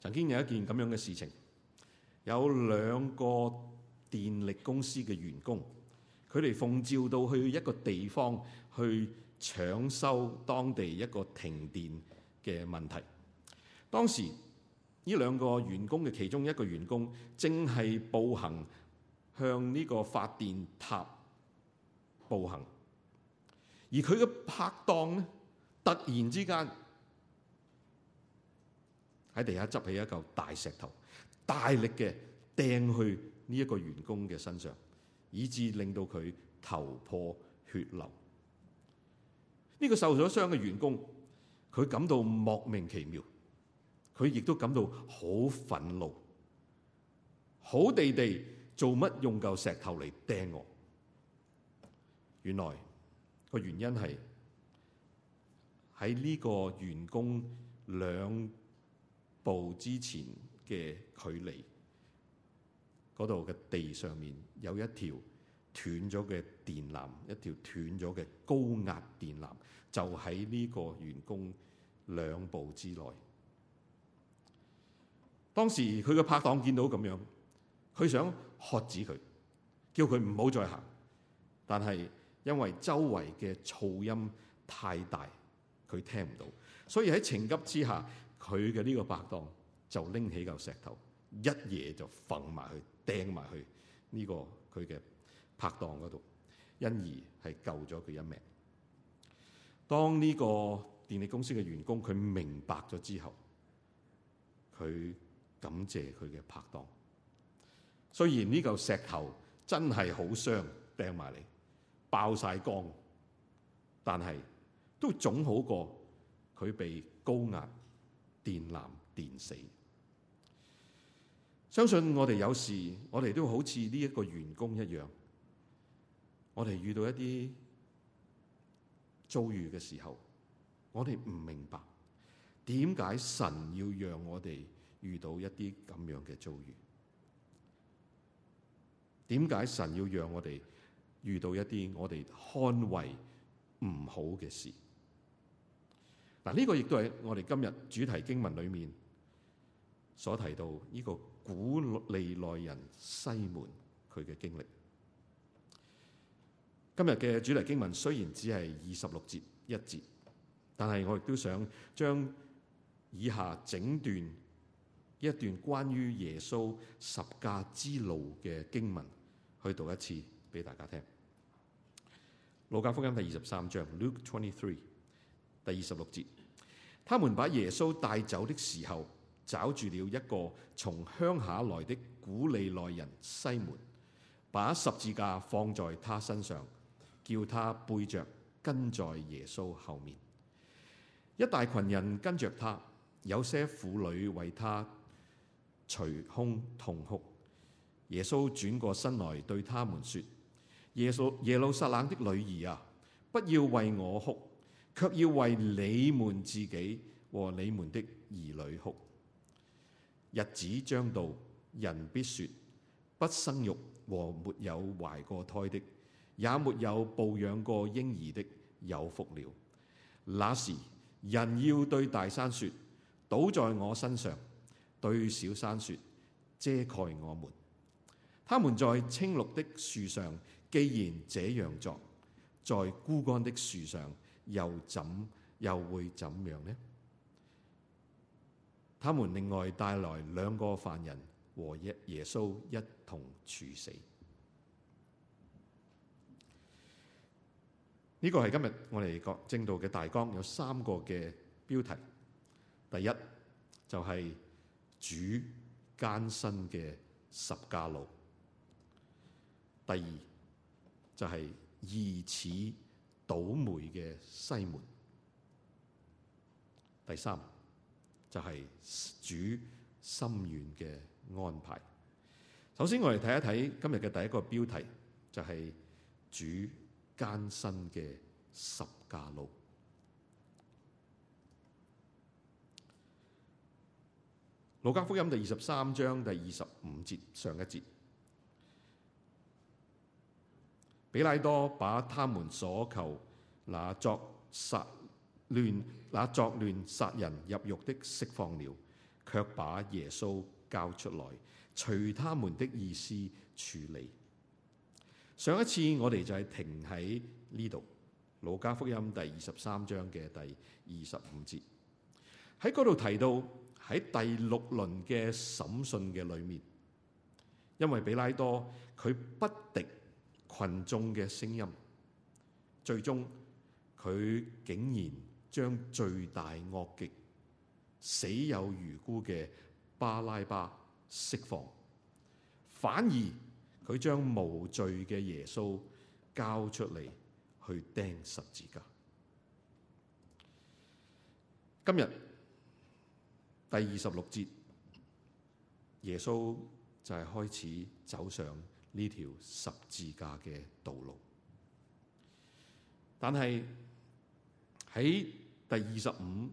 曾經有一件咁樣嘅事情，有兩個電力公司嘅員工，佢哋奉召到去一個地方去搶修當地一個停電嘅問題。當時呢兩個員工嘅其中一個員工正係步行向呢個發電塔步行，而佢嘅拍檔呢突然之間，喺地下執起一嚿大石頭，大力嘅掟去呢一個員工嘅身上，以致令到佢頭破血流。呢、這個受咗傷嘅員工，佢感到莫名其妙，佢亦都感到好憤怒。好地地做乜用嚿石頭嚟掟我？原來個原因係喺呢個員工兩。步之前嘅距離，嗰度嘅地上面有一條斷咗嘅電纜，一條斷咗嘅高壓電纜，就喺呢個員工兩步之內。當時佢嘅拍檔見到咁樣，佢想喝止佢，叫佢唔好再行，但係因為周圍嘅噪音太大，佢聽唔到，所以喺情急之下。佢嘅呢個拍檔就拎起嚿石頭，一嘢就揈埋去掟埋去呢個佢嘅拍檔嗰度，因而係救咗佢一命。當呢個電力公司嘅員工，佢明白咗之後，佢感謝佢嘅拍檔。雖然呢嚿石頭真係好傷，掟埋嚟爆晒光，但係都總好過佢被高壓。電男電死，相信我哋有時我哋都好似呢一個員工一樣，我哋遇到一啲遭遇嘅時候，我哋唔明白點解神要讓我哋遇到一啲咁樣嘅遭遇，點解神要讓我哋遇到一啲我哋看為唔好嘅事？嗱，呢個亦都係我哋今日主題經文裏面所提到呢個古利奈人西門佢嘅經歷。今日嘅主題經文雖然只係二十六節一節，但係我亦都想將以下整段一段關於耶穌十架之路嘅經文去讀一次俾大家聽。路加福音第二十三章，Luke twenty three，第二十六節。他們把耶穌帶走的時候，找住了一個從鄉下來的古利奈人西門，把十字架放在他身上，叫他背着跟在耶穌後面。一大群人跟着他，有些婦女為他捶胸痛哭。耶穌轉過身來對他們說：耶穌耶路撒冷的女兒啊，不要為我哭。卻要為你們自己和你們的兒女哭。日子將到，人必說：不生育和沒有懷過胎的，也沒有抱養過嬰兒的，有福了。那時，人要對大山說：倒在我身上；對小山說：遮蓋我們。他們在青綠的樹上，既然這樣作，在枯乾的樹上。又怎又會怎樣呢？他們另外帶來兩個犯人和耶穌一同處死。呢、這個係今日我哋講正道嘅大綱，有三個嘅標題，第一，就係、是、主艱辛嘅十架路，第二，就係疑似。倒霉嘅西門，第三就係主深遠嘅安排。首先我哋睇一睇今日嘅第一個標題，就係、是、主艱辛嘅十架路。路加福音第二十三章第二十五節，上一節。比拉多把他們所求那作殺亂、那作亂殺人入獄的釋放了，卻把耶穌交出來，隨他們的意思處理。上一次我哋就係停喺呢度，《路加福音》第二十三章嘅第二十五節，喺嗰度提到喺第六輪嘅審訊嘅裏面，因為比拉多佢不敵，群眾嘅聲音，最終佢竟然將罪大惡極、死有餘辜嘅巴拉巴釋放，反而佢將無罪嘅耶穌交出嚟去釘十字架。今日第二十六節，耶穌就係開始走上。呢條十字架嘅道路，但係喺第二十五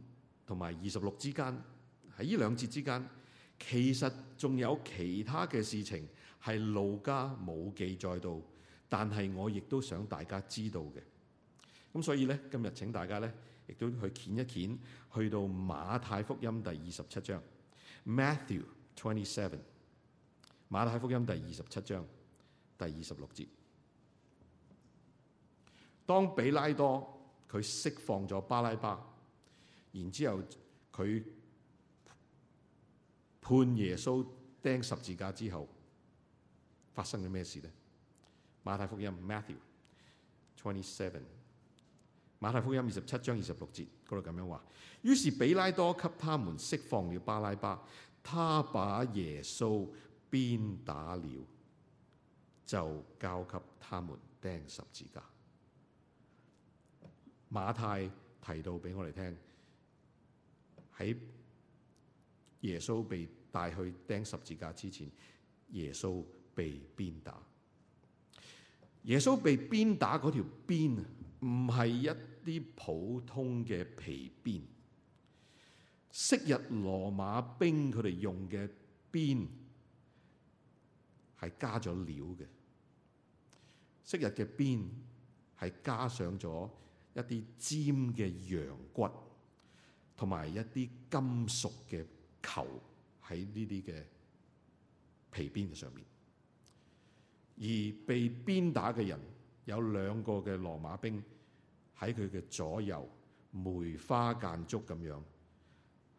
同埋二十六之間，喺呢兩節之間，其實仲有其他嘅事情係路加冇記載到，但係我亦都想大家知道嘅。咁所以咧，今日請大家咧，亦都去掀一掀，去到馬太福音第二十七章，Matthew Twenty Seven，馬太福音第二十七章。第二十六節，當彼拉多佢釋放咗巴拉巴，然之後佢判耶穌釘十字架之後，發生咗咩事呢？馬太福音 Matthew twenty seven，馬太福音二十七章二十六節嗰度咁樣話，於是彼拉多給他們釋放了巴拉巴，他把耶穌鞭打了。就交給他們釘十字架。馬太提到俾我哋聽，喺耶穌被帶去釘十字架之前，耶穌被鞭打。耶穌被鞭打嗰條鞭唔係一啲普通嘅皮鞭，昔日羅馬兵佢哋用嘅鞭。係加咗料嘅，昔日嘅鞭係加上咗一啲尖嘅羊骨，同埋一啲金屬嘅球喺呢啲嘅皮鞭嘅上面。而被鞭打嘅人有兩個嘅羅馬兵喺佢嘅左右，梅花間竹咁樣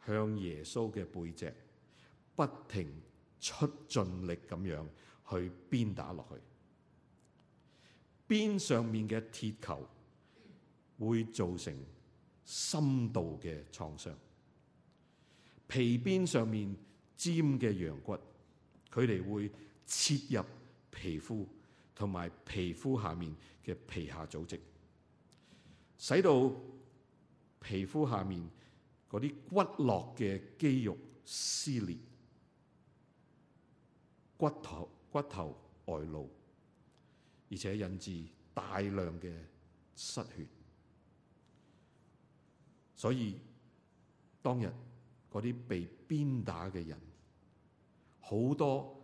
向耶穌嘅背脊不停出盡力咁樣。去鞭打落去，鞭上面嘅鐵球會造成深度嘅創傷；皮鞭上面尖嘅羊骨，佢哋會切入皮膚同埋皮膚下面嘅皮下組織，使到皮膚下面嗰啲骨骼嘅肌肉撕裂、骨頭。骨頭外露，而且引致大量嘅失血，所以當日嗰啲被鞭打嘅人，好多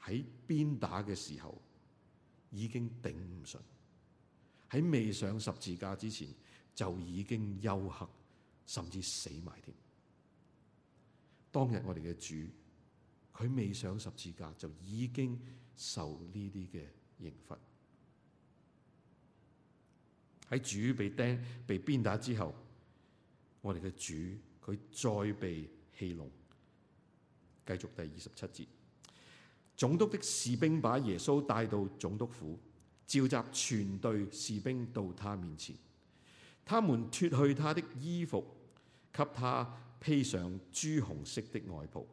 喺鞭打嘅時候已經頂唔順，喺未上十字架之前就已經休克，甚至死埋添。當日我哋嘅主。佢未上十字架就已經受呢啲嘅刑罰。喺主被釘、被鞭打之後，我哋嘅主佢再被戲弄。繼續第二十七節，總督的士兵把耶穌帶到總督府，召集全隊士兵到他面前。他們脱去他的衣服，給他披上朱紅色的外袍。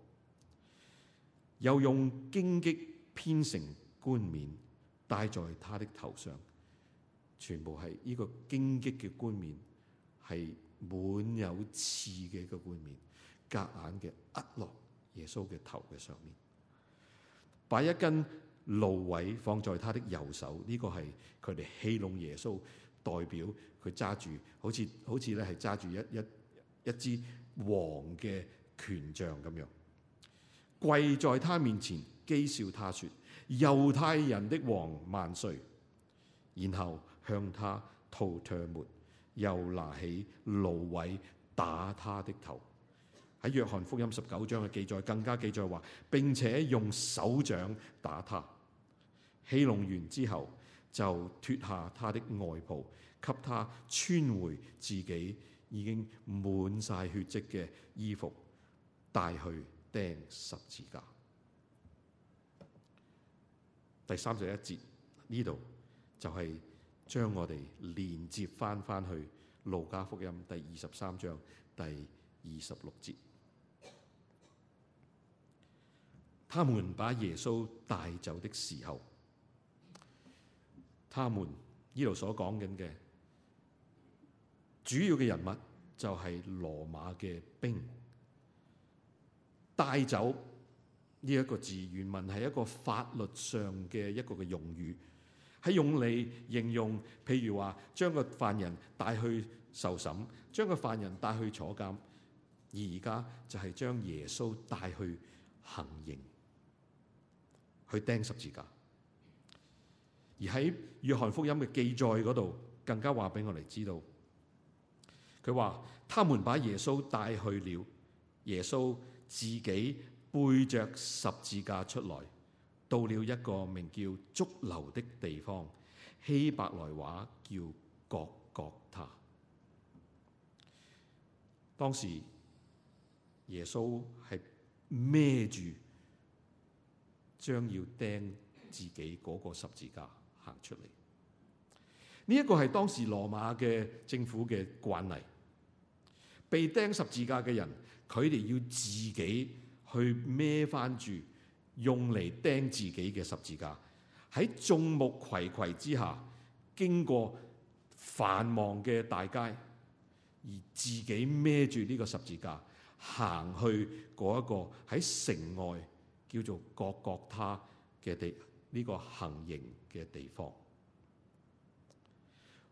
又用荊棘編成冠冕，戴在他的頭上。全部係呢個荊棘嘅冠冕，係滿有刺嘅個冠冕，夾硬嘅壓落耶穌嘅頭嘅上面。擺一根蘆葦放在他的右手，呢、這個係佢哋戲弄耶穌，代表佢揸住，好似好似咧係揸住一一一,一支王嘅權杖咁樣。跪在他面前，譏笑他說：猶太人的王萬歲！然後向他吐唾沫，又拿起蘆葦打他的頭。喺約翰福音十九章嘅記載更加記載話，並且用手掌打他。戲弄完之後，就脫下他的外袍，給他穿回自己已經滿晒血跡嘅衣服，帶去，釘十字架。第三十一節呢度就係將我哋連接翻翻去路加福音第二十三章第二十六節。他們把耶穌帶走的時候，他們呢度所講緊嘅主要嘅人物就係羅馬嘅兵。帶走呢一個字，原文係一個法律上嘅一個嘅用語，係用嚟形容，譬如話將個犯人帶去受審，將個犯人帶去坐監，而而家就係將耶穌帶去行刑，去釘十字架。而喺約翰福音嘅記載嗰度，更加話俾我哋知道，佢話他們把耶穌帶去了，耶穌。自己背着十字架出來，到了一個名叫髑髏的地方，希伯來話叫各各他。當時耶穌係孭住，將要釘自己嗰個十字架行出嚟。呢、這、一個係當時羅馬嘅政府嘅慣例。被釘十字架嘅人，佢哋要自己去孭翻住，用嚟釘自己嘅十字架。喺眾目睽睽之下，經過繁忙嘅大街，而自己孭住呢個十字架，行去嗰一個喺城外叫做各各他嘅地，呢、這個行刑嘅地方。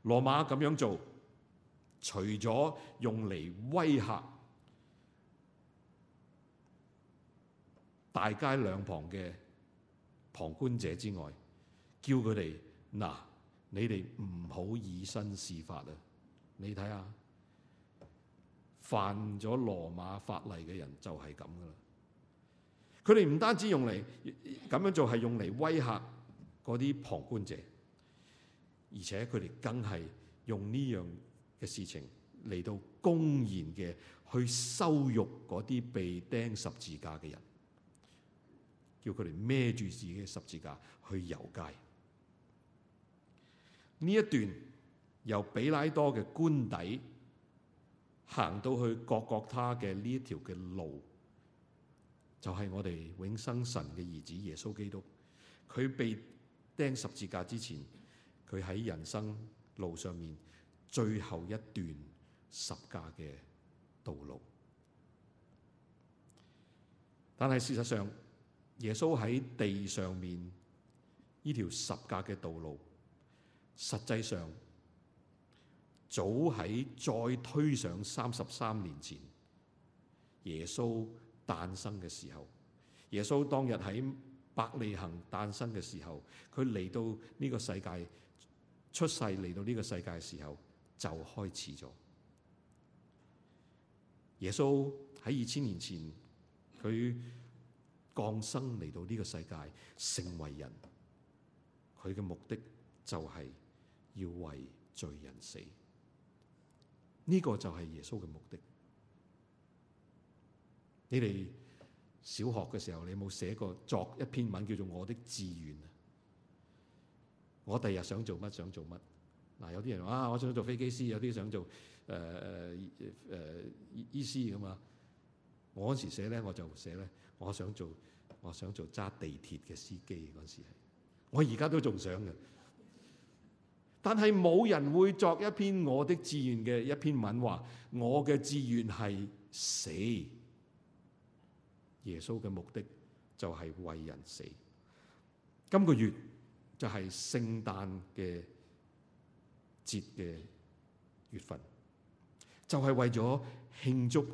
羅馬咁樣做。除咗用嚟威嚇大街兩旁嘅旁觀者之外，叫佢哋嗱，你哋唔好以身試法啊！你睇下，犯咗羅馬法例嘅人就係咁噶啦。佢哋唔單止用嚟咁樣做，係用嚟威嚇嗰啲旁觀者，而且佢哋更係用呢樣。嘅事情嚟到公然嘅去羞辱嗰啲被釘十字架嘅人，叫佢哋孭住自己嘅十字架去遊街。呢一段由彼拉多嘅官邸行到去各各他嘅呢一條嘅路，就係、是、我哋永生神嘅兒子耶穌基督。佢被釘十字架之前，佢喺人生路上面。最後一段十架嘅道路，但係事實上，耶穌喺地上面呢條十架嘅道路，實際上早喺再推上三十三年前耶穌誕生嘅時候，耶穌當日喺伯利恆誕生嘅時候，佢嚟到呢個世界出世嚟到呢個世界嘅時候，就開始咗。耶穌喺二千年前，佢降生嚟到呢個世界，成為人。佢嘅目的就係要為罪人死。呢、這個就係耶穌嘅目的。你哋小學嘅時候，你有冇寫過作一篇文叫做《我的志願》啊？我第日想做乜？想做乜？有啲人話：啊，我想做飛機師，有啲想做誒誒誒醫師咁嘛。我嗰時寫咧，我就寫咧，我想做，我想做揸地鐵嘅司機。嗰時係我而家都仲想嘅，但係冇人會作一篇我的志願嘅一篇文話，我嘅志願係死。耶穌嘅目的就係為人死。今個月就係聖誕嘅節嘅月份，就係為咗慶祝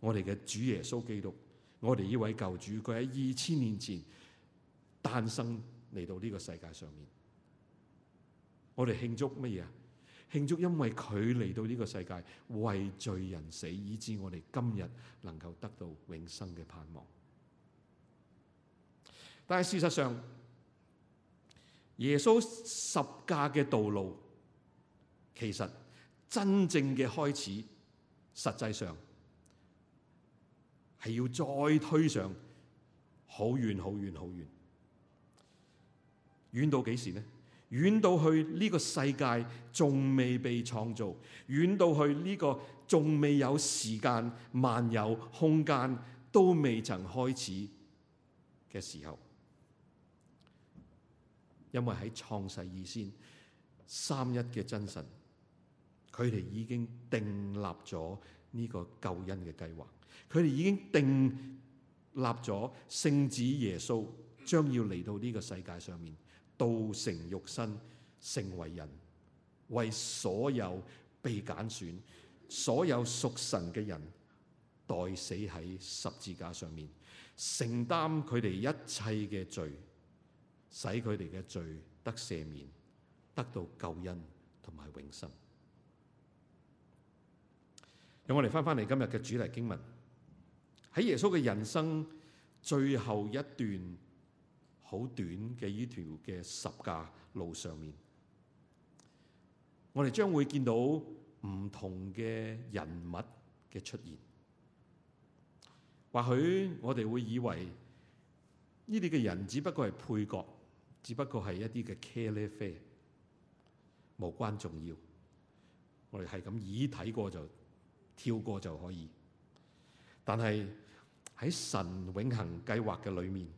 我哋嘅主耶穌基督，我哋呢位救主，佢喺二千年前誕生嚟到呢個世界上面。我哋慶祝乜嘢啊？慶祝因為佢嚟到呢個世界，為罪人死，以致我哋今日能夠得到永生嘅盼望。但係事實上，耶穌十架嘅道路。其實真正嘅開始，實際上係要再推上好遠好遠好遠，遠到幾時呢？遠到去呢個世界仲未被創造，遠到去呢個仲未有時間、萬有空間都未曾開始嘅時候。因為喺創世以前，三一嘅真神。佢哋已經訂立咗呢個救恩嘅計劃。佢哋已經訂立咗，聖子耶穌將要嚟到呢個世界上面，道成肉身，成為人，為所有被揀選、所有屬神嘅人代死喺十字架上面，承擔佢哋一切嘅罪，使佢哋嘅罪得赦免，得到救恩同埋永生。讓我哋翻翻嚟，今日嘅主題經文。喺耶穌嘅人生最後一段好短嘅呢條嘅十架路上面，我哋將會見到唔同嘅人物嘅出現。或許我哋會以為呢啲嘅人只不過係配角，只不過係一啲嘅茄喱啡，air，無關重要。我哋係咁以睇過就跳過就可以，但係喺神永恒計劃嘅裏面，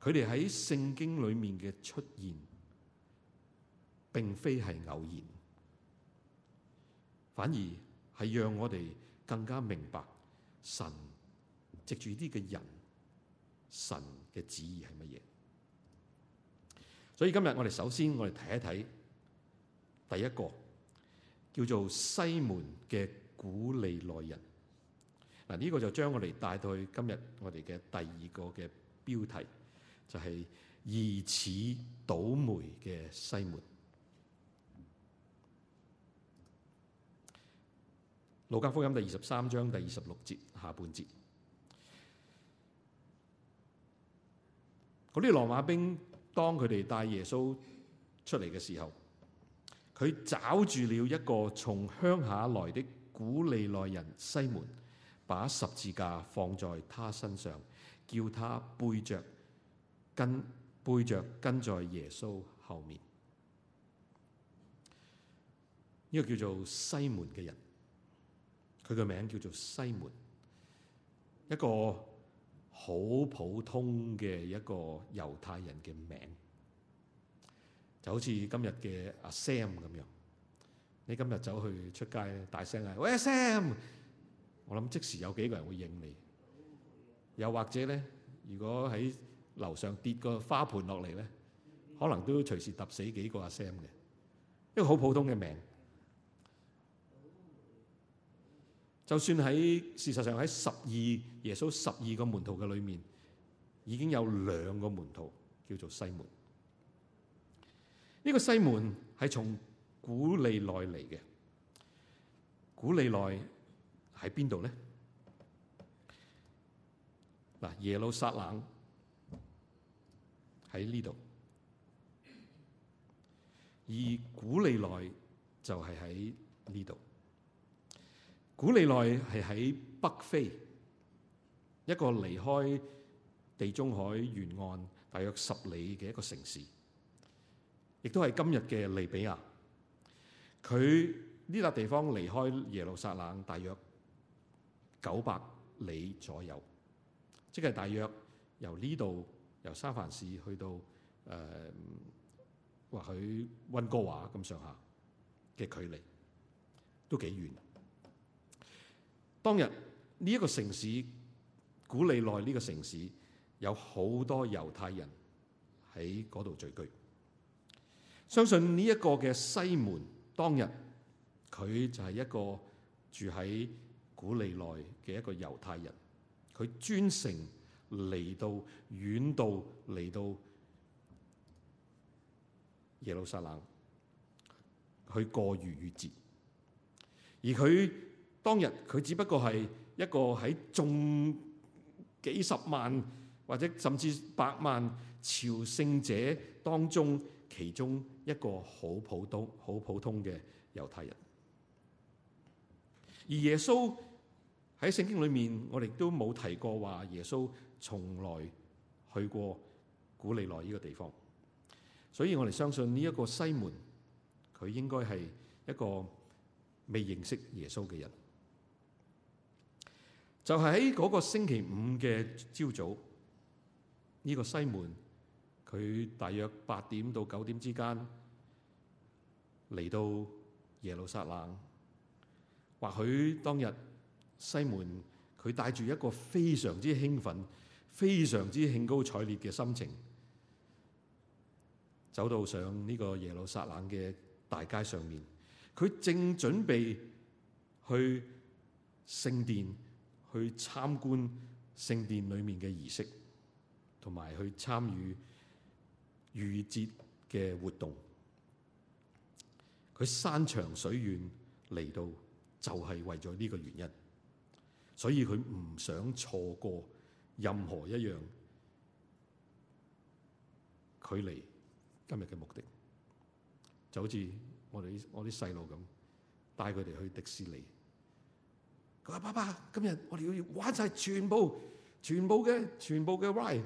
佢哋喺聖經裏面嘅出現，並非係偶然，反而係讓我哋更加明白神藉住呢個人，神嘅旨意係乜嘢。所以今日我哋首先我哋睇一睇第一個。叫做西門嘅古利奈人嗱，呢、這個就將我哋帶到去今日我哋嘅第二個嘅標題，就係、是、疑似倒霉嘅西門。路加福音第二十三章第二十六節下半節，嗰啲羅馬兵當佢哋帶耶穌出嚟嘅時候，佢找住了一個從鄉下來的古利奈人西門，把十字架放在他身上，叫他背著跟背著跟在耶穌後面。呢、這個叫做西門嘅人，佢個名叫做西門，一個好普通嘅一個猶太人嘅名。就好似今日嘅阿 Sam 咁樣，你今日走去出街咧，大聲嗌喂 Sam，我諗即時有幾個人會應你。又或者咧，如果喺樓上跌個花盆落嚟咧，可能都隨時揼死幾個阿 Sam 嘅，一個好普通嘅名。就算喺事實上喺十二耶穌十二個門徒嘅裏面，已經有兩個門徒叫做西門。呢個西門係從古利奈嚟嘅，古利奈喺邊度呢？嗱，耶路撒冷喺呢度，而古利奈就係喺呢度。古利奈係喺北非，一個離開地中海沿岸大約十里嘅一個城市。亦都係今日嘅利比亞，佢呢笪地方離開耶路撒冷大約九百里左右，即係大約由呢度由三藩市去到誒，或許溫哥華咁上下嘅距離都幾遠。當日呢一個城市古利內，呢個城市有好多猶太人喺嗰度聚居。相信呢一個嘅西門當日佢就係一個住喺古利奈嘅一個猶太人，佢專程嚟到遠度，嚟到耶路撒冷去過逾越節，而佢當日佢只不過係一個喺眾幾十萬或者甚至百萬朝聖者當中，其中一個好普通、好普通嘅猶太人，而耶穌喺聖經裏面，我哋都冇提過話耶穌從來去過古利奈呢個地方，所以我哋相信呢一個西門，佢應該係一個未認識耶穌嘅人，就係喺嗰個星期五嘅朝早，呢個西門。佢大約八點到九點之間嚟到耶路撒冷，或許當日西門，佢帶住一個非常之興奮、非常之興高采烈嘅心情，走到上呢個耶路撒冷嘅大街上面，佢正準備去聖殿，去參觀聖殿裡面嘅儀式，同埋去參與預節嘅活動，佢山長水遠嚟到，就係為咗呢個原因，所以佢唔想錯過任何一樣距離今日嘅目的，就好似我哋我啲細路咁，帶佢哋去迪士尼。佢話：爸爸，今日我哋要玩晒全部、全部嘅、全部嘅 ride、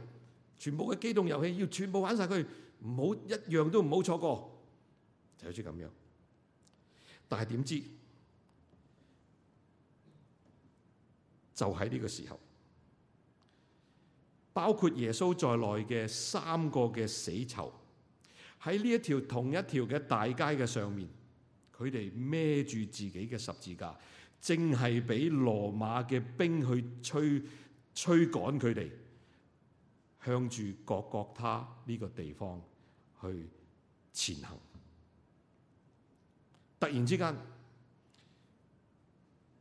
全部嘅機動遊戲，要全部玩晒佢。唔好一樣都唔好錯過，就好似咁樣。但係點知，就喺呢個時候，包括耶穌在內嘅三個嘅死囚，喺呢一條同一條嘅大街嘅上面，佢哋孭住自己嘅十字架，正係俾羅馬嘅兵去催催趕佢哋，向住各各他呢個地方去前行，突然之間，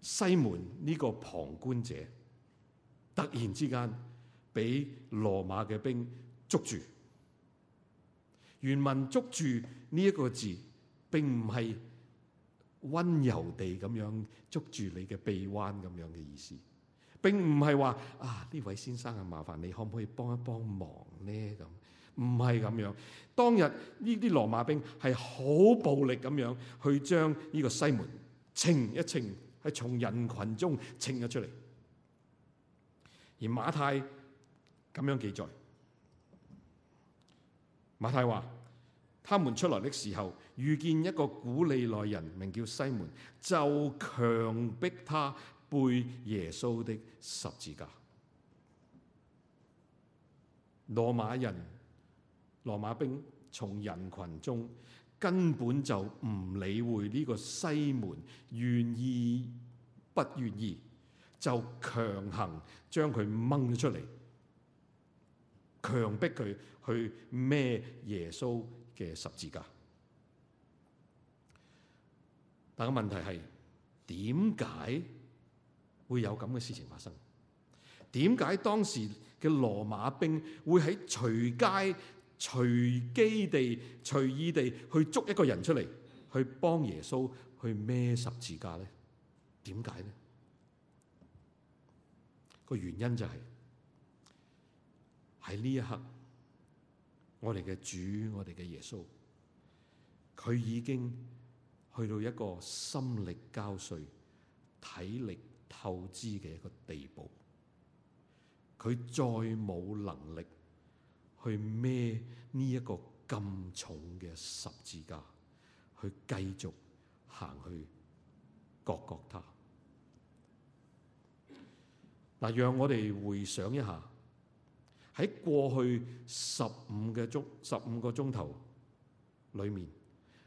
西門呢個旁觀者突然之間俾羅馬嘅兵捉住，原文。捉住呢一個字，並唔係溫柔地咁樣捉住你嘅臂彎咁樣嘅意思，並唔係話啊呢位先生啊，麻煩你，你可唔可以幫一幫忙咧咁。唔係咁樣，當日呢啲羅馬兵係好暴力咁樣去將呢個西門清一清，喺從人群中清咗出嚟。而馬太咁樣記載，馬太話：他們出來的時候，遇見一個古利奈人，名叫西門，就強迫他背耶穌的十字架。羅馬人。羅馬兵從人群中根本就唔理會呢個西門願意不願意，就強行將佢掹咗出嚟，強迫佢去孭耶穌嘅十字架。但個問題係點解會有咁嘅事情發生？點解當時嘅羅馬兵會喺隨街？隨機地、隨意地去捉一個人出嚟，去幫耶穌去孭十字架咧？點解呢？個原因就係喺呢一刻，我哋嘅主、我哋嘅耶穌，佢已經去到一個心力交瘁、體力透支嘅一個地步，佢再冇能力，去孭呢一個咁重嘅十字架，去繼續行去各各他嗱。讓我哋回想一下喺過去十五個鐘，十五個鐘頭裏面，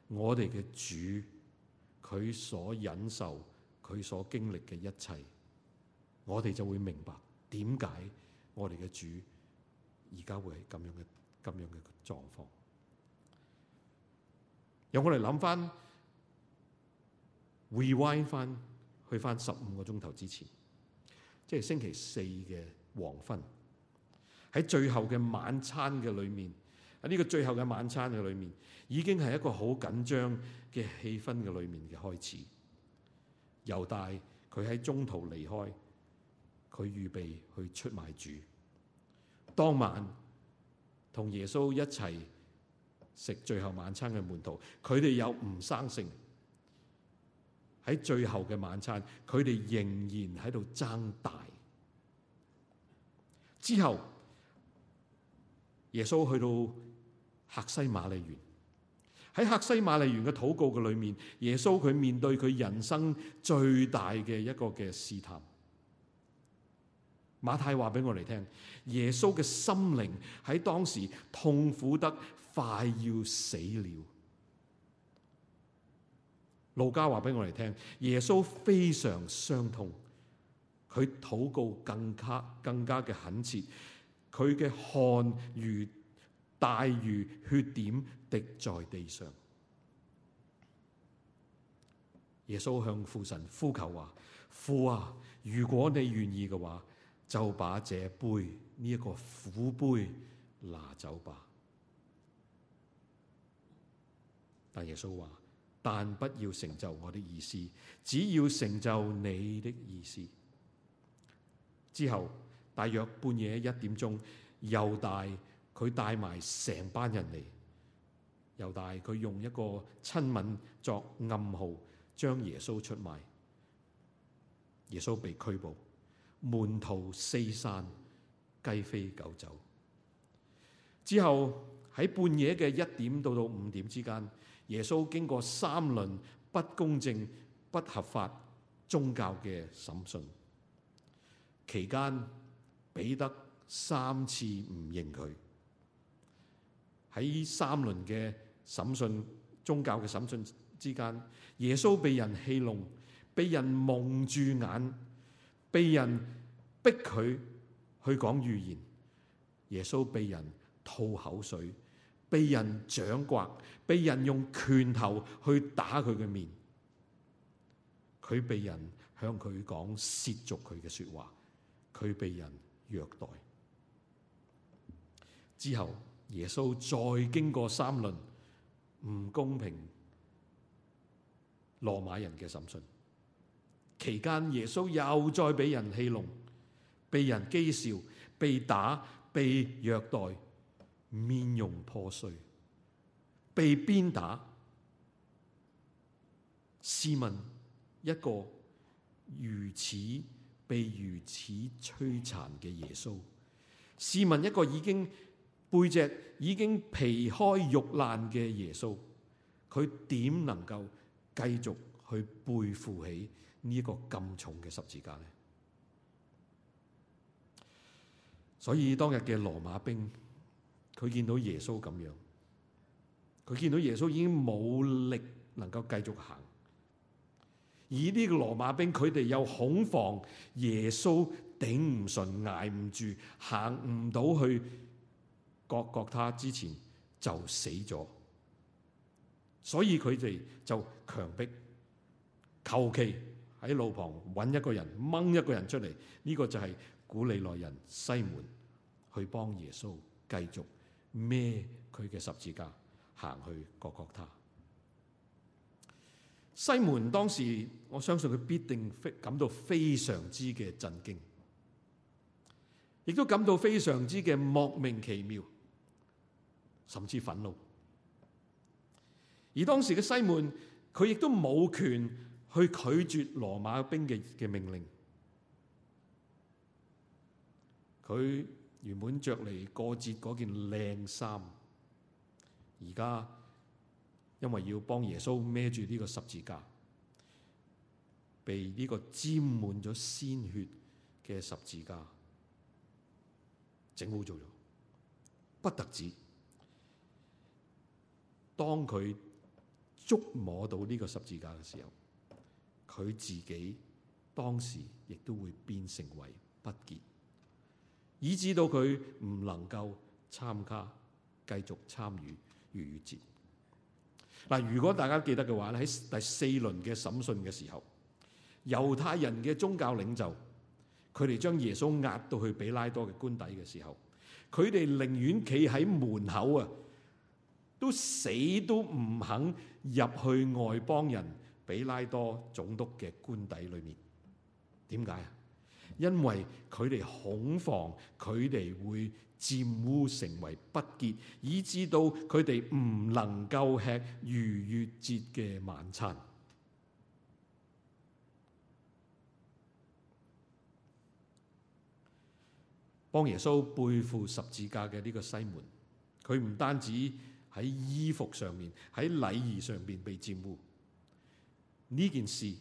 我哋嘅主佢所忍受、佢所經歷嘅一切，我哋就會明白點解我哋嘅主。而家會係咁樣嘅咁樣嘅狀況。由我哋諗翻，rewind 翻去翻十五個鐘頭之前，即係星期四嘅黃昏，喺最後嘅晚餐嘅裏面，喺呢個最後嘅晚餐嘅裏面，已經係一個好緊張嘅氣氛嘅裏面嘅開始。猶大佢喺中途離開，佢預備去出賣主。當晚同耶穌一齊食最後晚餐嘅門徒，佢哋有唔生性。喺最後嘅晚餐，佢哋仍然喺度爭大。之後耶穌去到客西馬尼園，喺客西馬尼園嘅禱告嘅裏面，耶穌佢面對佢人生最大嘅一個嘅試探。馬太話俾我哋聽，耶穌嘅心靈喺當時痛苦得快要死了。路加話俾我哋聽，耶穌非常傷痛，佢禱告更加更加嘅懇切，佢嘅汗如大如血點滴在地上。耶穌向父神呼求話：父啊，如果你願意嘅話。就把這杯呢一、這個苦杯拿走吧。但耶穌話：但不要成就我的意思，只要成就你的意思。之後大約半夜一點鐘，猶大佢帶埋成班人嚟，猶大佢用一個親吻作暗號，將耶穌出賣。耶穌被拘捕。門徒四散，雞飛狗走。之後喺半夜嘅一點到到五點之間，耶穌經過三輪不公正、不合法宗教嘅審訊，期間彼得三次唔認佢。喺三輪嘅審訊、宗教嘅審訊之間，耶穌被人戲弄，被人蒙住眼。被人逼佢去講預言，耶穌被人吐口水，被人掌摑，被人用拳頭去打佢嘅面，佢被人向佢講褻瀆佢嘅說話，佢被人虐待。之後耶穌再經過三輪唔公平羅馬人嘅審訊。期間耶穌又再被人戲弄、被人譏笑、被打、被虐待，面容破碎、被鞭打。試問一個如此被如此摧殘嘅耶穌，試問一個已經背脊已經皮開肉爛嘅耶穌，佢點能夠繼續去背負起？呢一個咁重嘅十字架咧，所以當日嘅羅馬兵佢見到耶穌咁樣，佢見到耶穌已經冇力能夠繼續行，而呢個羅馬兵佢哋又恐防耶穌頂唔順，捱唔住，行唔到去各各他之前就死咗，所以佢哋就強迫求其，喺路旁搵一個人掹一個人出嚟，呢個就係古利奈人西門去幫耶穌繼續孭佢嘅十字架行去各各他。西門當時，我相信佢必定非感到非常之嘅震驚，亦都感到非常之嘅莫名其妙，甚至憤怒。而當時嘅西門，佢亦都冇權。佢拒絕羅馬兵嘅嘅命令。佢原本着嚟過節嗰件靚衫，而家因為要幫耶穌孭住呢個十字架，被呢個沾滿咗鮮血嘅十字架整污糟咗，不得止，當佢觸摸到呢個十字架嘅時候，佢自己當時亦都會變成為不潔，以致到佢唔能夠參加、繼續參與逾越節。嗱，如果大家記得嘅話咧，喺第四輪嘅審訊嘅時候，猶太人嘅宗教領袖，佢哋將耶穌押到去比拉多嘅官邸嘅時候，佢哋寧願企喺門口啊，都死都唔肯入去外邦人。比拉多總督嘅官邸裏面，點解啊？因為佢哋恐慌，佢哋會玷污，成為不潔，以至到佢哋唔能夠吃逾越節嘅晚餐。幫耶穌背負十字架嘅呢個西門，佢唔單止喺衣服上面，喺禮儀上面被玷污。呢件事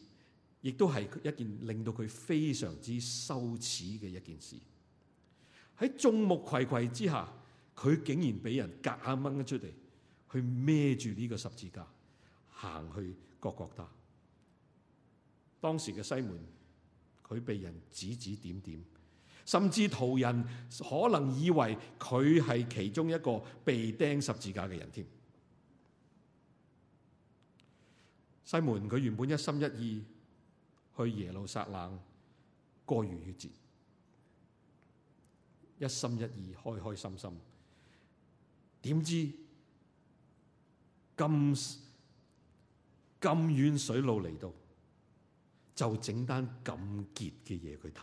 亦都係一件令到佢非常之羞恥嘅一件事。喺眾目睽睽之下，佢竟然俾人夾硬掹咗出嚟，去孭住呢個十字架行去各各他。當時嘅西門，佢被人指指點點，甚至途人可能以為佢係其中一個被釘十字架嘅人添。西門佢原本一心一意去耶路撒冷過逾越節，一心一意開開心心。點知咁咁遠水路嚟到，就整單咁結嘅嘢佢嘆。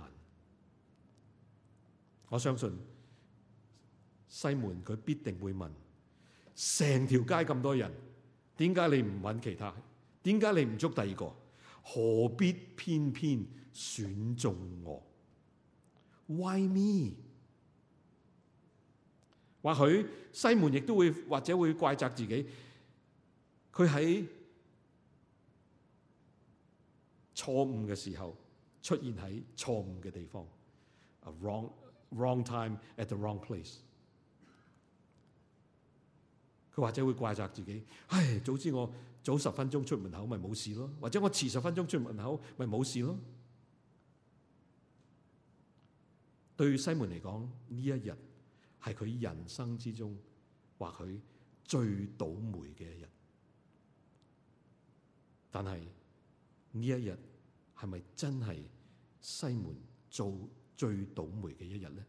我相信西門佢必定會問：成條街咁多人，點解你唔揾其他？點解你唔捉第二個？何必偏偏選中我？Why me？或許西門亦都會，或者會怪責自己，佢喺錯誤嘅時候，出現喺錯誤嘅地方，A wrong wrong time at the wrong place。佢或者會怪責自己，唉，早知我。早十分鐘出門口咪冇事咯，或者我遲十分鐘出門口咪冇事咯。對西門嚟講，呢一日係佢人生之中或許最倒霉嘅一日。但係呢一日係咪真係西門做最倒霉嘅一日咧？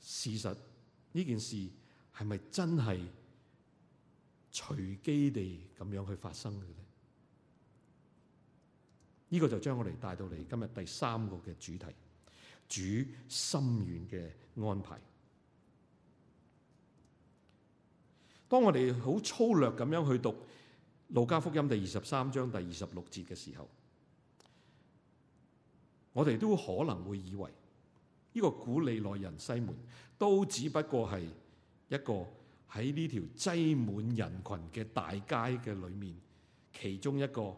事實呢件事係咪真係？隨機地咁樣去發生嘅咧，呢、這個就將我哋帶到嚟今日第三個嘅主題：主深遠嘅安排。當我哋好粗略咁樣去讀路加福音第二十三章第二十六節嘅時候，我哋都可能會以為呢、這個古利奈人西門都只不過係一個。喺呢條擠滿人群嘅大街嘅裏面，其中一個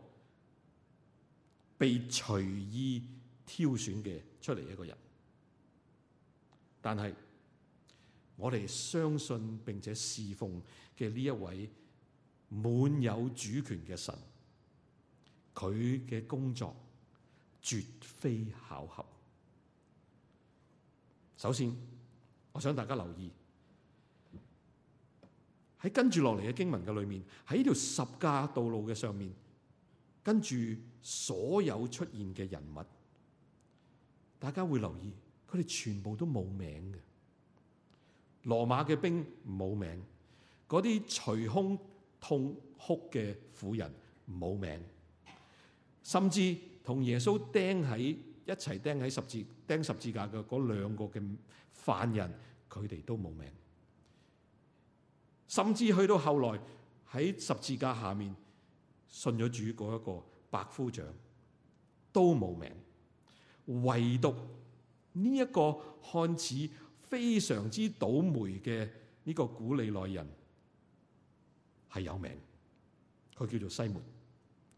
被隨意挑選嘅出嚟一個人，但係我哋相信並且侍奉嘅呢一位滿有主權嘅神，佢嘅工作絕非巧合。首先，我想大家留意，喺跟住落嚟嘅經文嘅裏面，喺呢條十架道路嘅上面，跟住所有出現嘅人物，大家會留意，佢哋全部都冇名嘅。羅馬嘅兵冇名，嗰啲捶胸痛哭嘅婦人冇名，甚至同耶穌釘喺一齊釘喺十字釘十字架嘅嗰兩個嘅犯人，佢哋都冇名。甚至去到後來喺十字架下面信咗主嗰一個百夫長都冇名，唯獨呢一個看似非常之倒楣嘅呢個古利奈人係有名，佢叫做西門。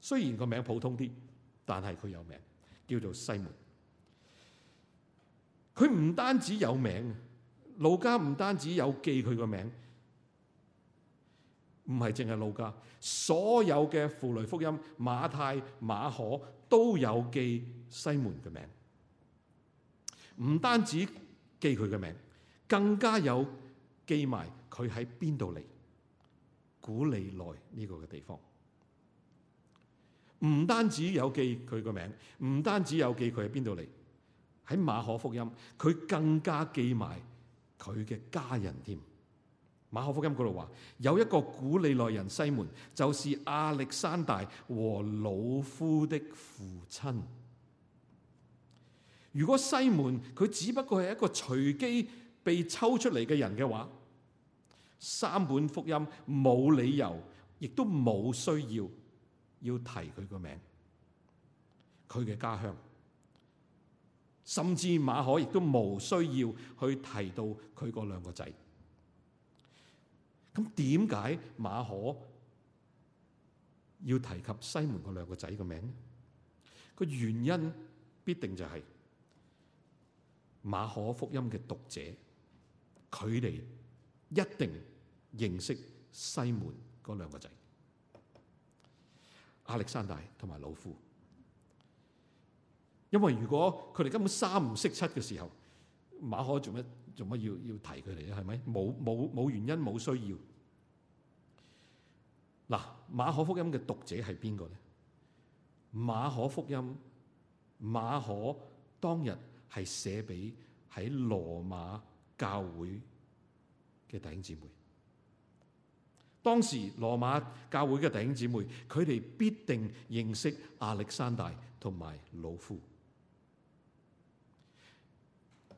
雖然個名普通啲，但係佢有名，叫做西門。佢唔單止有名，路加唔單止有記佢個名。唔係淨係路加，所有嘅符類福音、馬太、馬可都有記西門嘅名。唔單止記佢嘅名，更加有記埋佢喺邊度嚟，古利奈呢個嘅地方。唔單止有記佢個名，唔單止有記佢喺邊度嚟，喺馬可福音，佢更加記埋佢嘅家人添。馬可福音嗰度話，有一個古利奈人西門，就是亞歷山大和魯弗的父親。如果西門佢只不過係一個隨機被抽出嚟嘅人嘅話，三本福音冇理由，亦都冇需要要提佢個名，佢嘅家鄉，甚至馬可亦都冇需要去提到佢個兩個仔。咁點解馬可要提及西門嗰兩個仔個名咧？個原因必定就係馬可福音嘅讀者，佢哋一定認識西門嗰兩個仔，亞歷山大同埋老夫。因為如果佢哋根本三唔識七嘅時候，馬可做乜？做乜要要提佢哋咧？係咪？冇冇冇原因，冇需要。嗱，馬可福音嘅讀者係邊個咧？馬可福音，馬可當日係寫俾喺羅馬教會嘅弟兄姊妹。當時羅馬教會嘅弟兄姊妹，佢哋必定認識亞歷山大同埋老夫。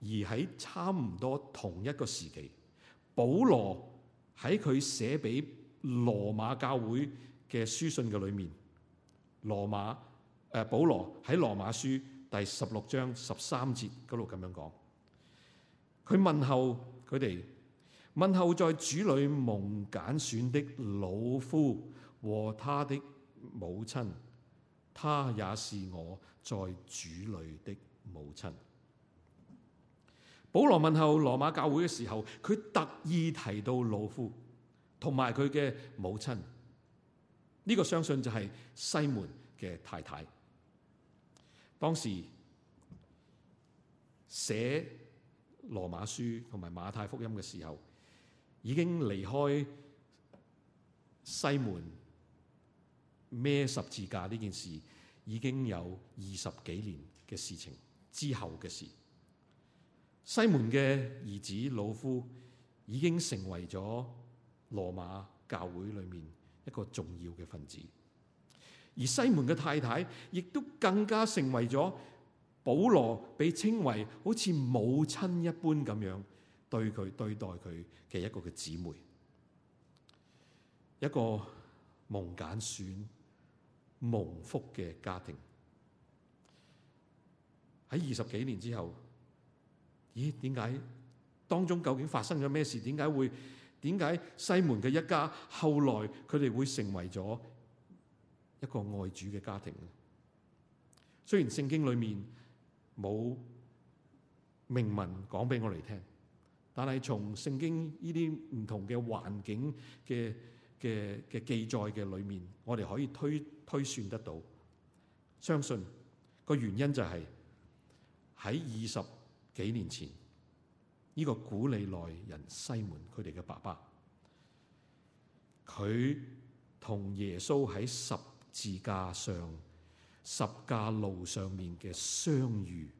而喺差唔多同一個時期，保羅喺佢寫俾羅馬教會嘅書信嘅裏面，羅馬，誒保羅喺羅馬書第十六章十三節嗰度咁樣講，佢問候佢哋，問候在主裏蒙揀選的老夫和他的母親，他也是我在主裏的母親。保羅問候羅馬教會嘅時候，佢特意提到老夫同埋佢嘅母親，呢、這個相信就係西門嘅太太。當時寫羅馬書同埋馬太福音嘅時候，已經離開西門孭十字架呢件事已經有二十幾年嘅事情之後嘅事。西門嘅兒子老夫已經成為咗羅馬教會裏面一個重要嘅分子，而西門嘅太太亦都更加成為咗保羅被稱為好似母親一般咁樣對佢對待佢嘅一個嘅姊妹，一個蒙揀選、蒙福嘅家庭。喺二十幾年之後。咦？點解當中究竟發生咗咩事？點解會點解西門嘅一家後來佢哋會成為咗一個愛主嘅家庭？雖然聖經裏面冇明文講俾我哋聽，但係從聖經呢啲唔同嘅環境嘅嘅嘅記載嘅裏面，我哋可以推推算得到，相信個原因就係喺二十。幾年前，呢、這個古利奈人西門佢哋嘅爸爸，佢同耶穌喺十字架上十架路上面嘅相遇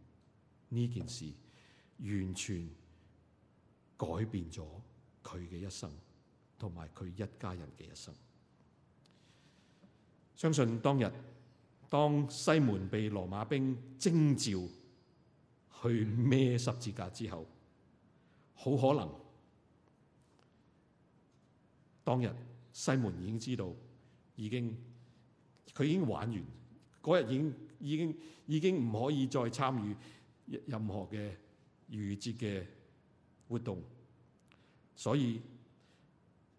呢件事，完全改變咗佢嘅一生，同埋佢一家人嘅一生。相信當日，當西門被羅馬兵徵召。去孭十字架之後，好可能當日西門已經知道，已經佢已經玩完嗰日，已經已經已經唔可以再參與任何嘅逾節嘅活動。所以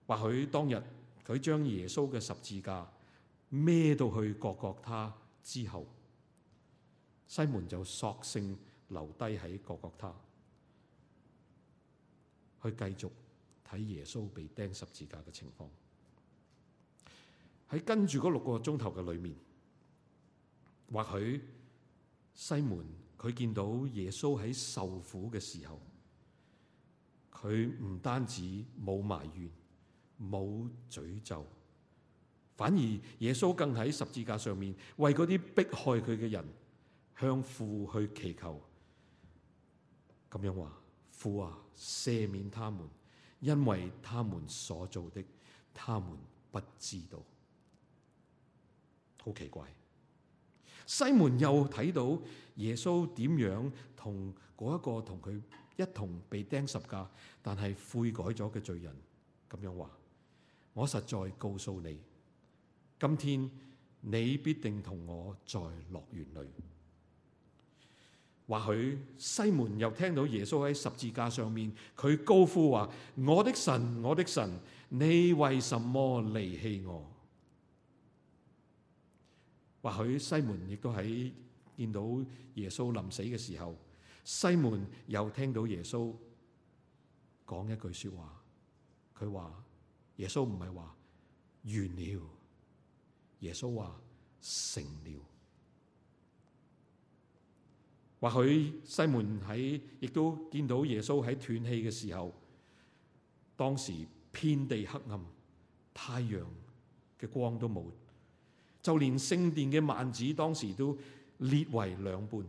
或許當日佢將耶穌嘅十字架孭到去各各他之後，西門就索性，留低喺各各他，去繼續睇耶穌被釘十字架嘅情況。喺跟住嗰六個鐘頭嘅裏面，或許西門佢見到耶穌喺受苦嘅時候，佢唔單止冇埋怨，冇詛咒，反而耶穌更喺十字架上面為嗰啲迫害佢嘅人向父去祈求。咁樣話，父啊，赦免他們，因為他們所做的，他們不知道。好奇怪。西門又睇到耶穌點樣同嗰一個同佢一同被釘十架，但係悔改咗嘅罪人，咁樣話：我實在告訴你，今天你必定同我在樂園裏。或許西門又聽到耶穌喺十字架上面，佢高呼話：我的神，我的神，你為什麼離棄我？或許西門亦都喺見到耶穌臨死嘅時候，西門又聽到耶穌講一句說話，佢話：耶穌唔係話完了，耶穌話成了。或許西門喺亦都見到耶穌喺斷氣嘅時候，當時遍地黑暗，太陽嘅光都冇，就連聖殿嘅幔子當時都裂為兩半。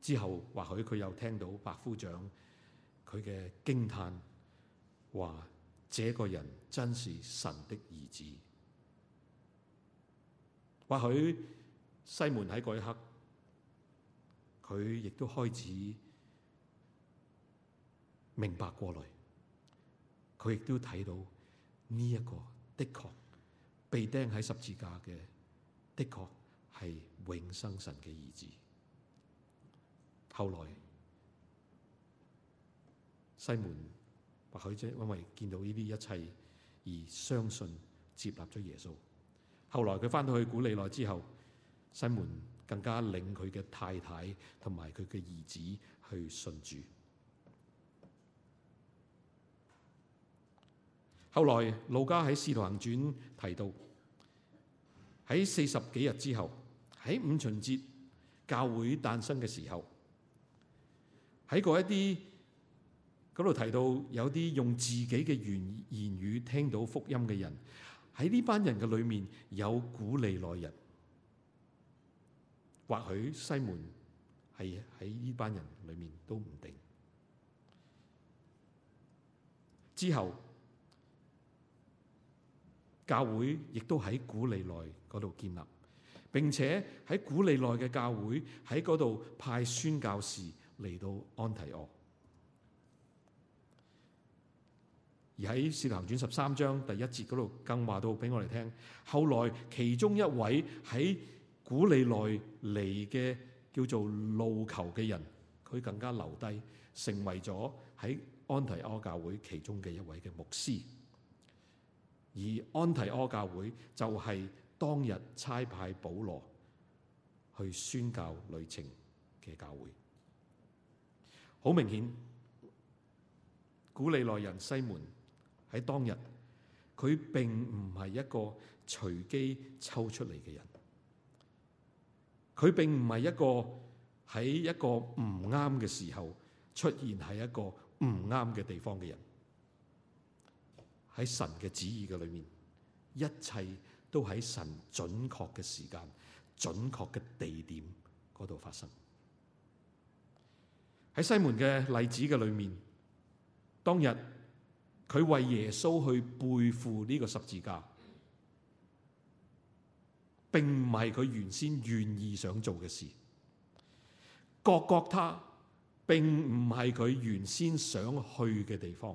之後或許佢又聽到百夫長佢嘅驚嘆，話：這個人真是神的兒子。或許西門喺嗰一刻。佢亦都開始明白過來，佢亦都睇到呢一個的確被釘喺十字架嘅，的確係永生神嘅兒子。後來西門或許即係因為見到呢啲一切而相信接納咗耶穌。後來佢翻到去古利奈之後，西門。嗯更加令佢嘅太太同埋佢嘅兒子去信主。後來，路加喺《使徒行傳》提到，喺四十幾日之後，喺五旬節教會誕生嘅時候，喺嗰一啲嗰度提到，有啲用自己嘅言言語聽到福音嘅人，喺呢班人嘅裏面有古利奈人。或許西門係喺呢班人裏面都唔定。之後教會亦都喺古利奈嗰度建立，並且喺古利奈嘅教會喺嗰度派宣教士嚟到安提阿。而喺《使徒行傳》十三章第一節嗰度，更話到俾我哋聽，後來其中一位喺古利奈嚟嘅叫做路求嘅人，佢更加留低，成為咗喺安提阿教會其中嘅一位嘅牧師。而安提阿教會就係當日差派保羅去宣教旅程嘅教會。好明顯，古利奈人西門喺當日佢並唔係一個隨機抽出嚟嘅人。佢並唔係一個喺一個唔啱嘅時候出現喺一個唔啱嘅地方嘅人，喺神嘅旨意嘅裏面，一切都喺神準確嘅時間、準確嘅地點嗰度發生。喺西門嘅例子嘅裏面，當日佢為耶穌去背負呢個十字架。並唔係佢原先願意想做嘅事，各各他並唔係佢原先想去嘅地方，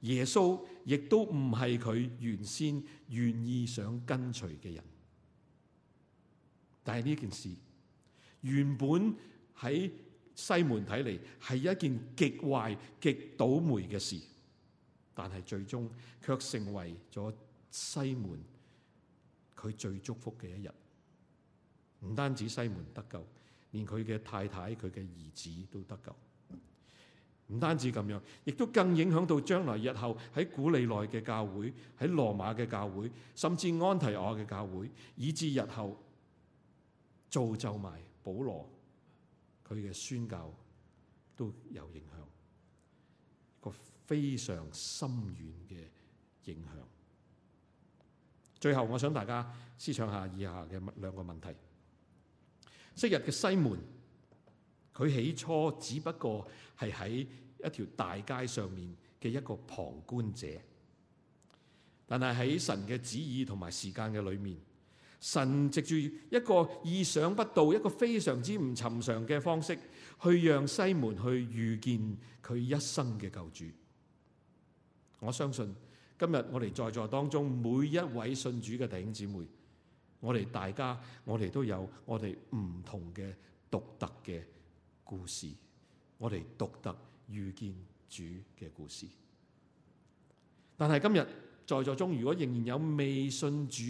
耶穌亦都唔係佢原先願意想跟隨嘅人。但係呢件事原本喺西門睇嚟係一件極壞、極倒霉嘅事，但係最終卻成為咗西門。佢最祝福嘅一日，唔單止西門得救，連佢嘅太太、佢嘅兒子都得救。唔單止咁樣，亦都更影響到將來日後喺古利奈嘅教會、喺羅馬嘅教會，甚至安提阿嘅教會，以至日後造就埋保羅佢嘅宣教都有影響，個非常深遠嘅影響。最後，我想大家思想下以下嘅兩個問題。昔日嘅西門，佢起初只不過係喺一條大街上面嘅一個旁觀者，但係喺神嘅旨意同埋時間嘅裏面，神藉住一個意想不到、一個非常之唔尋常嘅方式，去讓西門去遇見佢一生嘅救主。我相信。今日我哋在座當中每一位信主嘅弟兄姊妹，我哋大家我哋都有我哋唔同嘅獨特嘅故事，我哋獨特遇見主嘅故事。但係今日在座中，如果仍然有未信主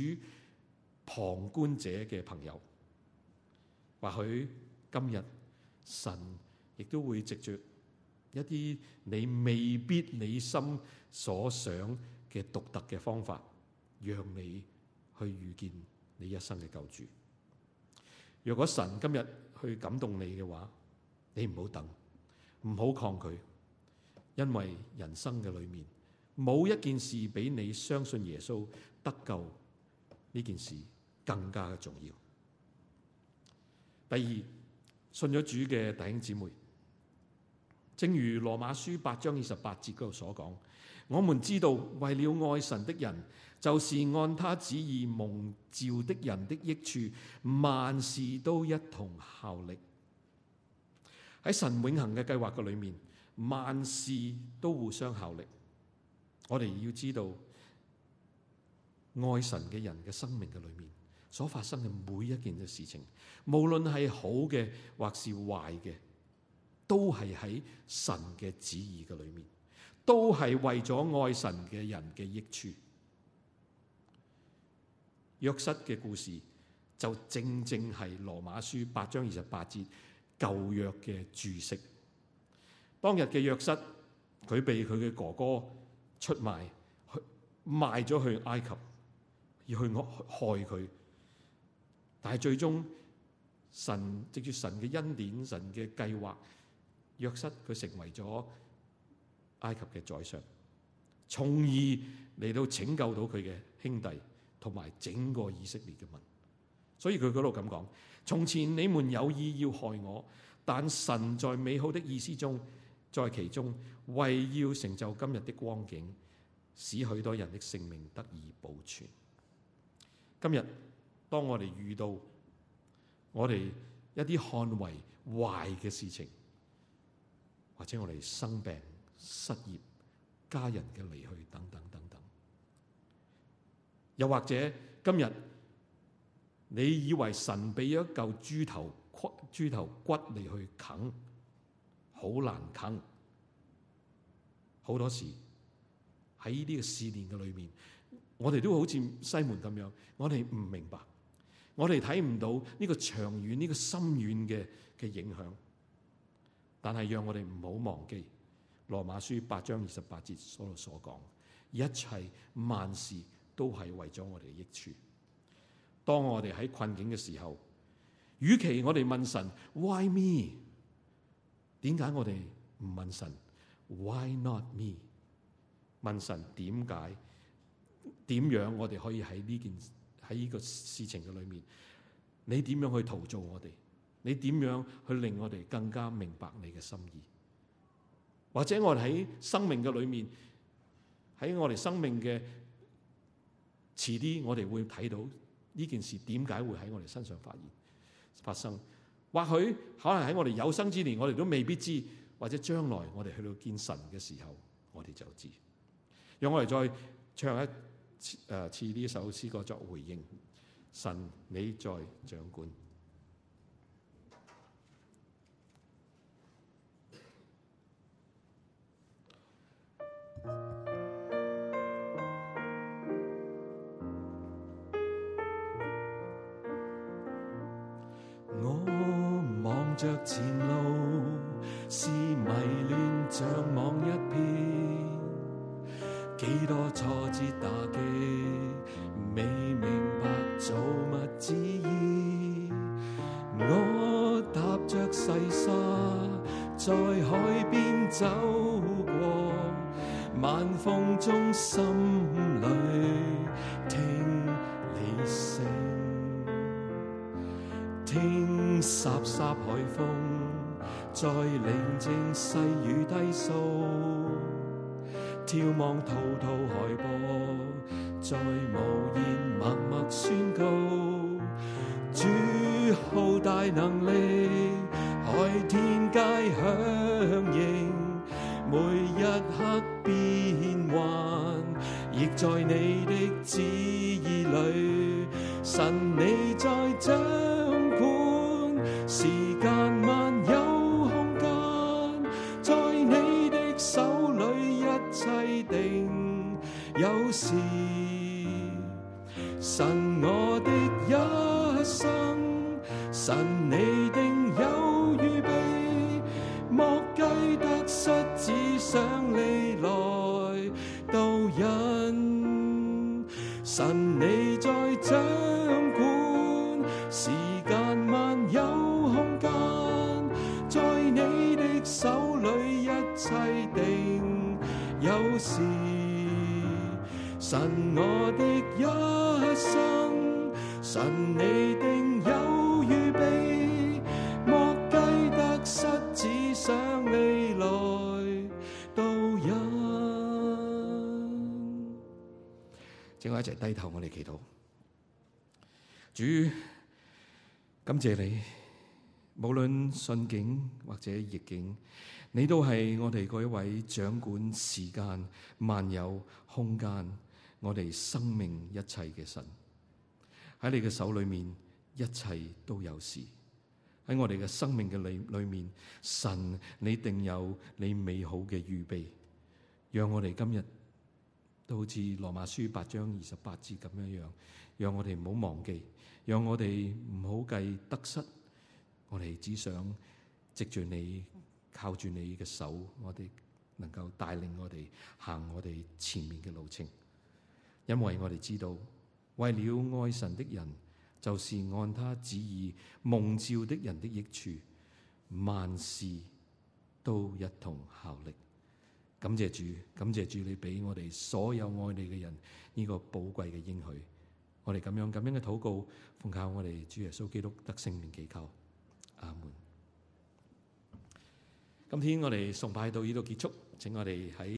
旁觀者嘅朋友，或許今日神亦都會藉住一啲你未必你心所想，嘅獨特嘅方法，讓你去遇見你一生嘅救主。如果神今日去感動你嘅話，你唔好等，唔好抗拒，因為人生嘅裏面，冇一件事比你相信耶穌得救呢件事更加嘅重要。第二，信咗主嘅弟兄姊妹。正如羅馬書八章二十八節嗰度所講，我們知道為了愛神的人，就是按他旨意蒙召的人的益處，萬事都一同效力。喺神永恆嘅計劃嘅裏面，萬事都互相效力。我哋要知道，愛神嘅人嘅生命嘅裏面，所發生嘅每一件嘅事情，無論係好嘅或是壞嘅。都係喺神嘅旨意嘅裏面，都係為咗愛神嘅人嘅益處。約瑟嘅故事就正正係羅馬書八章二十八節舊約嘅注釋。當日嘅約瑟佢被佢嘅哥哥出賣，去賣咗去埃及，要去害佢。但係最終神藉住神嘅恩典，神嘅計劃。約瑟佢成為咗埃及嘅宰相，從而嚟到拯救到佢嘅兄弟同埋整個以色列嘅民。所以佢嗰度咁講：從前你們有意要害我，但神在美好的意思中，在其中為要成就今日的光景，使許多人的性命得以保存。今日當我哋遇到我哋一啲看為壞嘅事情，或者我哋生病、失業、家人嘅離去等等等等，又或者今日，你以為神俾咗一嚿豬頭骨、豬頭骨嚟去啃，好難啃。好多時喺呢個試煉嘅裏面，我哋都好似西門咁樣，我哋唔明白，我哋睇唔到呢個長遠、呢個深遠嘅嘅影響。但係讓我哋唔好忘記羅馬書八章二十八節所所講，一切萬事都係為咗我哋嘅益處。當我哋喺困境嘅時候，與其我哋問神 Why me？點解我哋唔問神 Why not me？問神點解？點樣我哋可以喺呢件喺呢個事情嘅裏面？你點樣去陶造我哋？你點樣去令我哋更加明白你嘅心意？或者我哋喺生命嘅裏面，喺我哋生命嘅遲啲，我哋會睇到呢件事點解會喺我哋身上發現發生？或許可能喺我哋有生之年，我哋都未必知，或者將來我哋去到見神嘅時候，我哋就知。讓我哋再唱一誒次呢、呃、首詩歌作回應。神你在掌管。着前路是迷亂像網一片，幾多挫折打擊，未明白做物之意。我踏着細沙，在海邊走。海風在寧靜細雨低訴，眺望滔滔海波，在無言默默宣告請我一齊低頭，我哋祈禱。主，感謝你，無論順境或者逆境，你都係我哋嗰一位掌管時間、萬有、空間、我哋生命一切嘅神。喺你嘅手裏面，一切都有事。喺我哋嘅生命嘅裏裏面，神，你定有你美好嘅預備。讓我哋今日。都好似羅馬書八章二十八節咁樣樣，讓我哋唔好忘記，讓我哋唔好計得失，我哋只想藉住你靠住你嘅手，我哋能夠帶領我哋行我哋前面嘅路程。因為我哋知道，為了愛神的人，就是按他旨意蒙召的人的益處，萬事都一同效力。感謝主，感謝主，你俾我哋所有愛你嘅人呢個寶貴嘅應許。我哋咁樣咁樣嘅禱告，奉靠我哋主耶穌基督得勝的名祈求。阿門。今天我哋崇拜到呢度結束，請我哋喺。